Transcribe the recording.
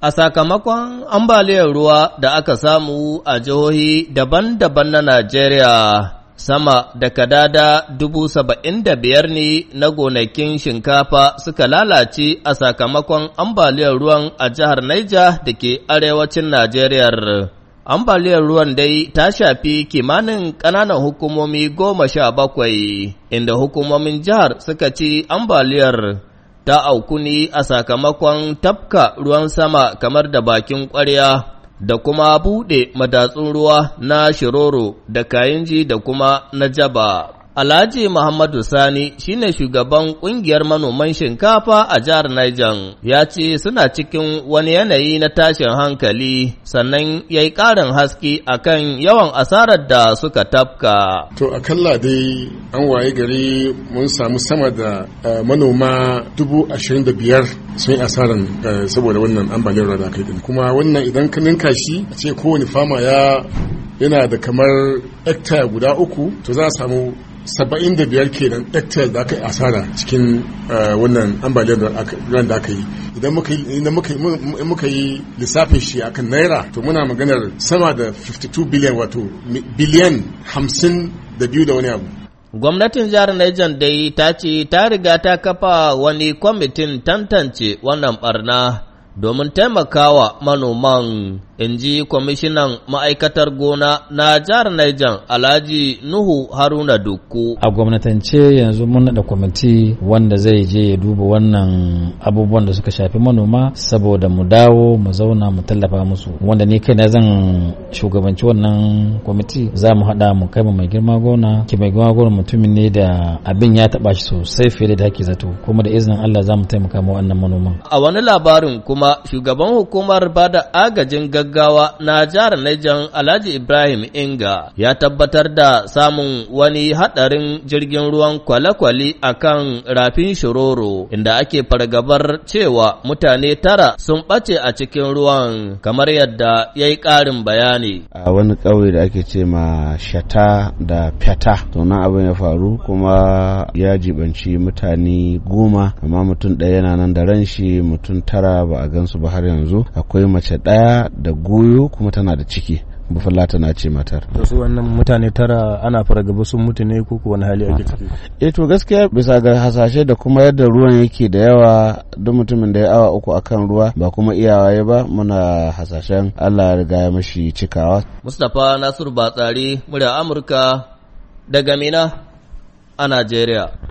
A sakamakon ambaliyar ruwa da aka samu a jihohi daban-daban na Najeriya, sama da kadada dubu saba'in da biyar ne na gonakin shinkafa suka lalace a sakamakon ambaliyar ruwan a jihar Naija da ke arewacin Najeriya. ambaliyar ruwan dai ta shafi kimanin ƙananan hukumomi goma sha bakwai, inda hukumomin jihar suka ci ambaliyar ta auku ni a sakamakon tafka ruwan sama kamar da bakin ƙwarya da kuma buɗe madatsun ruwa na shiroro da kayinji da kuma na jaba. Alhaji Muhammadu Sani shine shugaban kungiyar manoman shinkafa a jihar Niger ya ce suna cikin wani yanayi na tashin hankali sannan ya yi ƙarin haske akan yawan asarar da suka tafka. To a kalla dai an waye gari mun samu sama da eh, manoma dubu ashirin da biyar sun yi asarar eh, saboda wannan ambaliyar rana kai kuma wannan idan ka ninka shi a ce kowane fama ya yana da kamar hekta guda uku to za a samu saba'in da ke kenan hectares da aka yi asara cikin eh, wannan ambaliyar da aka yi idan muka yi lissafin shi akan naira to muna maganar sama da 52 biliyan wato biliyan 50 da biyu da wani abu Gwamnatin jihar Niger dai ta ce ta riga ta kafa wani kwamitin tantance wannan barna domin taimakawa manoman, in ji kwamishinan ma'aikatar gona na jihar Niger Alhaji Nuhu Haruna Dukku. A gwamnatance yanzu mun naɗa kwamiti wanda zai je ya duba wannan abubuwan da suka shafi manoma saboda mu dawo mu zauna mu tallafa musu wanda ni kai zan shugabanci wannan kwamiti za mu haɗa mu kai mai girma gona ki mai girma gona mutumin ne da abin ya taɓa shi sosai fiye da haki zato kuma da izinin Allah za mu taimaka ma wannan manoman. A wani labarin kuma kuma shugaban hukumar ba da agajin gaggawa na jihar Nijan Alhaji Ibrahim Inga ya tabbatar da samun wani hadarin jirgin ruwan kwalekwale a kan rafin Shiroro inda ake fargabar cewa mutane tara sun ɓace a cikin ruwan kamar yadda ya yi ƙarin bayani. A wani ƙauye da ake ce ma shata da fata sunan abin ya faru kuma ya jibanci mutane goma amma mutum ɗaya yana nan da ran shi mutum tara ba a gansu ba har yanzu akwai mace ɗaya da goyo kuma tana da ciki bufala tana ce matar to su wannan mutane tara ana fargaba sun mutu ne ko wani hali ake ciki eh to gaskiya bisa ga hasashe da kuma yadda ruwan yake da yawa duk mutumin da ya awa uku akan ruwa ba kuma iyawa ya ba muna hasashen Allah ya riga ya mashi cikawa Mustapha Nasiru Batsari murya Amurka daga Mina a Najeriya